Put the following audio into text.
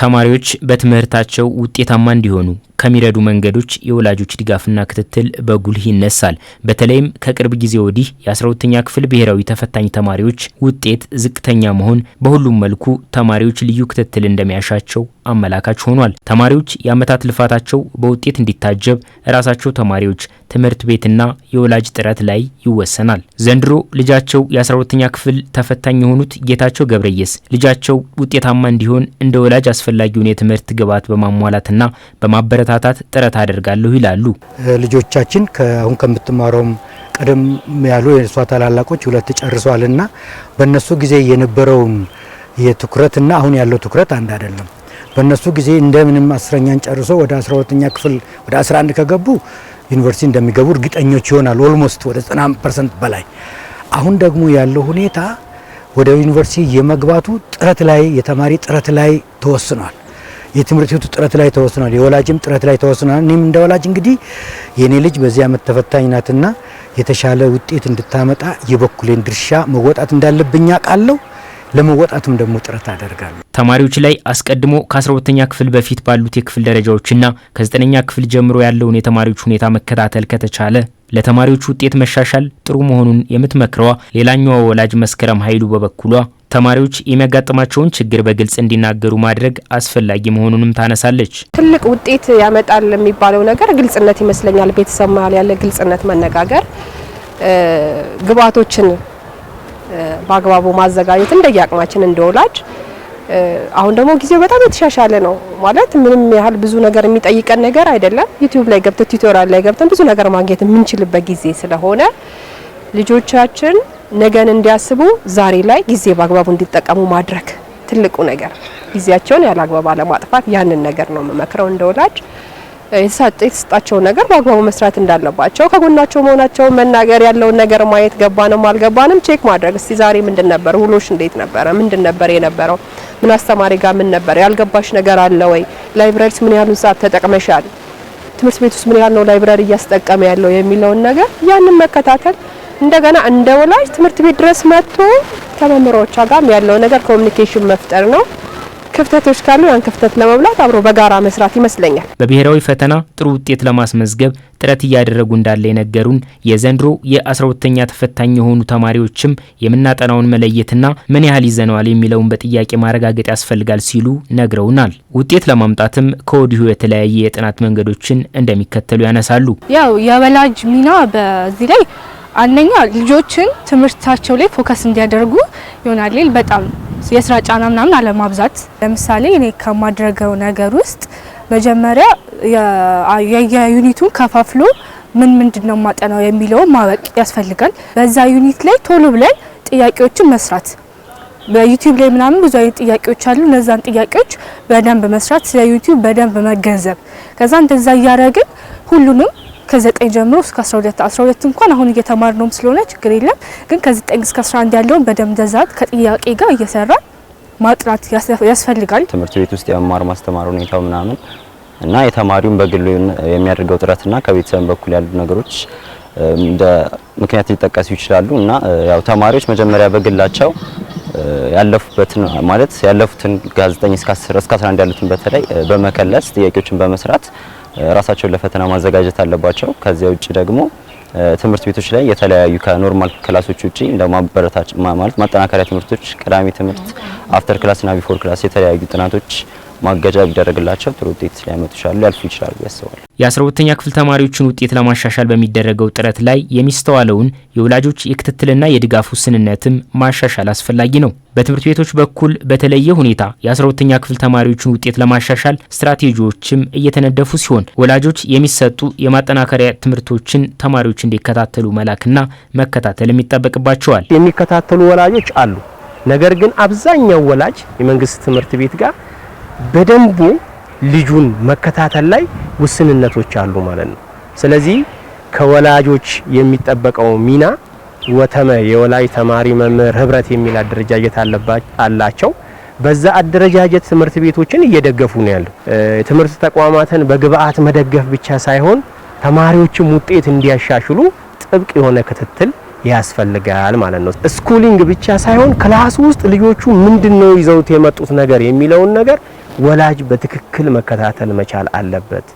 ተማሪዎች በትምህርታቸው ውጤታማ እንዲሆኑ ከሚረዱ መንገዶች የወላጆች ድጋፍና ክትትል በጉልህ ይነሳል። በተለይም ከቅርብ ጊዜ ወዲህ የ12ኛ ክፍል ብሔራዊ ተፈታኝ ተማሪዎች ውጤት ዝቅተኛ መሆን በሁሉም መልኩ ተማሪዎች ልዩ ክትትል እንደሚያሻቸው አመላካች ሆኗል። ተማሪዎች የአመታት ልፋታቸው በውጤት እንዲታጀብ ራሳቸው ተማሪዎች፣ ትምህርት ቤትና የወላጅ ጥረት ላይ ይወሰናል። ዘንድሮ ልጃቸው የ12ኛ ክፍል ተፈታኝ የሆኑት ጌታቸው ገብረየስ ልጃቸው ውጤታማ እንዲሆን እንደ ወላጅ አስፈላጊውን የትምህርት ግብዓት በማሟላትና በማበረ ለማበረታታት ጥረት አደርጋለሁ ይላሉ። ልጆቻችን አሁን ከምትማረውም ቀደም ያሉ የእሷ ታላላቆች ሁለት ጨርሷልና በእነሱ ጊዜ የነበረውን የትኩረትና አሁን ያለው ትኩረት አንድ አይደለም። በእነሱ ጊዜ እንደምንም አስረኛን ጨርሶ ወደ 12ኛ ክፍል ወደ 11 ከገቡ ዩኒቨርሲቲ እንደሚገቡ እርግጠኞች ይሆናል። ኦልሞስት ወደ 90 ፐርሰንት በላይ አሁን ደግሞ ያለው ሁኔታ ወደ ዩኒቨርሲቲ የመግባቱ ጥረት ላይ የተማሪ ጥረት ላይ ተወስኗል። የትምህርት ቤቱ ጥረት ላይ ተወስኗል። የወላጅም ጥረት ላይ ተወስኗል። እኔም እንደ ወላጅ እንግዲህ የኔ ልጅ በዚህ ዓመት ተፈታኝ ናትና የተሻለ ውጤት እንድታመጣ የበኩሌን ድርሻ መወጣት እንዳለብኝ አውቃለሁ። ለመወጣትም ደግሞ ጥረት አደርጋለሁ። ተማሪዎች ላይ አስቀድሞ ከ12ኛ ክፍል በፊት ባሉት የክፍል ደረጃዎችና ከ9ኛ ክፍል ጀምሮ ያለውን የተማሪዎች ሁኔታ መከታተል ከተቻለ ለተማሪዎች ውጤት መሻሻል ጥሩ መሆኑን የምትመክረዋ ሌላኛዋ ወላጅ መስከረም ኃይሉ በበኩሏ ተማሪዎች የሚያጋጥማቸውን ችግር በግልጽ እንዲናገሩ ማድረግ አስፈላጊ መሆኑንም ታነሳለች። ትልቅ ውጤት ያመጣል የሚባለው ነገር ግልጽነት ይመስለኛል። ቤተሰብ መሀል ያለ ግልጽነት፣ መነጋገር፣ ግብዓቶችን በአግባቡ ማዘጋጀት እንደየአቅማችን እንደወላጅ አሁን ደግሞ ጊዜው በጣም የተሻሻለ ነው። ማለት ምንም ያህል ብዙ ነገር የሚጠይቀን ነገር አይደለም። ዩቲዩብ ላይ ገብተን ቱቶሪያል ላይ ገብተን ብዙ ነገር ማግኘት የምንችልበት ጊዜ ስለሆነ ልጆቻችን ነገን እንዲያስቡ ዛሬ ላይ ጊዜ በአግባቡ እንዲጠቀሙ ማድረግ ትልቁ ነገር ጊዜያቸውን ያለ አግባብ አለማጥፋት፣ ያንን ነገር ነው የምመክረው እንደ ወላጅ። የተሰጣቸው ነገር በአግባቡ መስራት እንዳለባቸው ከጎናቸው መሆናቸውን መናገር፣ ያለውን ነገር ማየት፣ ገባንም አልገባንም ቼክ ማድረግ። እስቲ ዛሬ ምንድን ነበር ውሎሽ? እንዴት ነበረ? ምንድን ነበር የነበረው? ምን አስተማሪ ጋር ምን ነበር? ያልገባሽ ነገር አለ ወይ? ላይብራሪስ ምን ያህሉን ሰዓት ተጠቅመሻል? ትምህርት ቤት ውስጥ ምን ያህል ነው ላይብረሪ እያስጠቀመ ያለው የሚለውን ነገር ያንን መከታተል እንደገና እንደ ወላጅ ትምህርት ቤት ድረስ መጥቶ ከመምህሮቿ ጋር ያለው ነገር ኮሚኒኬሽን መፍጠር ነው። ክፍተቶች ካሉ ያን ክፍተት ለመሙላት አብሮ በጋራ መስራት ይመስለኛል። በብሔራዊ ፈተና ጥሩ ውጤት ለማስመዝገብ ጥረት እያደረጉ እንዳለ የነገሩን የዘንድሮ የ12ተኛ ተፈታኝ የሆኑ ተማሪዎችም የምናጠናውን መለየትና ምን ያህል ይዘነዋል የሚለውን በጥያቄ ማረጋገጥ ያስፈልጋል ሲሉ ነግረውናል። ውጤት ለማምጣትም ከወዲሁ የተለያየ የጥናት መንገዶችን እንደሚከተሉ ያነሳሉ። ያው የወላጅ ሚና በዚህ ላይ አንደኛ ልጆችን ትምህርታቸው ላይ ፎከስ እንዲያደርጉ ይሆናል። በጣም የስራ ጫና ምናምን አለማብዛት። ለምሳሌ እኔ ከማድረገው ነገር ውስጥ መጀመሪያ የዩኒቱን ከፋፍሎ ምን ምንድን ነው ማጠናው የሚለውን ማወቅ ያስፈልጋል። በዛ ዩኒት ላይ ቶሎ ብለን ጥያቄዎችን መስራት በዩቲዩብ ላይ ምናምን ብዙ አይነት ጥያቄዎች አሉ። እነዛን ጥያቄዎች በደንብ መስራት፣ ስለ ዩቲዩብ በደንብ መገንዘብ ከዛ እንደዛ እያደረግን ሁሉንም ከዘጠኝ ጀምሮ እስከ አስራ ሁለት እንኳን አሁን እየተማርነውም ስለሆነ ችግር የለም ግን ከዘጠኝ እስከ 11 ያለውን በደም ደዛት ከጥያቄ ጋር እየሰራ ማጥራት ያስፈልጋል። ትምህርት ቤት ውስጥ የመማር ማስተማር ሁኔታው ምናምን እና የተማሪውን በግሉ የሚያደርገው ጥረትና ከቤተሰብ በኩል ያሉ ነገሮች እንደ ምክንያት ሊጠቀሱ ይችላሉ እና ያው ተማሪዎች መጀመሪያ በግላቸው ያለፉበትን ማለት ያለፉትን ጋዜጠኝ እስከ 11 ያሉትን በተለይ በመከለስ ጥያቄዎችን በመስራት ራሳቸውን ለፈተና ማዘጋጀት አለባቸው። ከዚያ ውጭ ደግሞ ትምህርት ቤቶች ላይ የተለያዩ ከኖርማል ክላሶች ውጪ እንደ ማበረታች ማለት ማጠናከሪያ ትምህርቶች፣ ቅዳሜ ትምህርት፣ አፍተር ክላስና ቢፎር ክላስ የተለያዩ ጥናቶች ማገጃ ቢደረግላቸው ጥሩ ውጤት ሊያመጡ ይችላሉ ያልፉ ይችላሉ ያስባሉ። የአስራ ሁለተኛ ክፍል ተማሪዎችን ውጤት ለማሻሻል በሚደረገው ጥረት ላይ የሚስተዋለውን የወላጆች የክትትልና የድጋፍ ውስንነትም ማሻሻል አስፈላጊ ነው። በትምህርት ቤቶች በኩል በተለየ ሁኔታ የአስራ ሁለተኛ ክፍል ተማሪዎችን ውጤት ለማሻሻል ስትራቴጂዎችም እየተነደፉ ሲሆን ወላጆች የሚሰጡ የማጠናከሪያ ትምህርቶችን ተማሪዎች እንዲከታተሉ መላክና መከታተልም ይጠበቅባቸዋል። የሚከታተሉ ወላጆች አሉ። ነገር ግን አብዛኛው ወላጅ የመንግስት ትምህርት ቤት ጋር በደንቡ ልጁን መከታተል ላይ ውስንነቶች አሉ ማለት ነው። ስለዚህ ከወላጆች የሚጠበቀው ሚና ወተመ የወላጅ ተማሪ መምህር ህብረት የሚል አደረጃጀት አላቸው። በዛ አደረጃጀት ትምህርት ቤቶችን እየደገፉ ነው ያሉ። ትምህርት ተቋማትን በግብአት መደገፍ ብቻ ሳይሆን ተማሪዎችም ውጤት እንዲያሻሽሉ ጥብቅ የሆነ ክትትል ያስፈልጋል ማለት ነው። ስኩሊንግ ብቻ ሳይሆን ክላስ ውስጥ ልጆቹ ምንድን ነው ይዘውት የመጡት ነገር የሚለውን ነገር ወላጅ በትክክል መከታተል መቻል አለበት።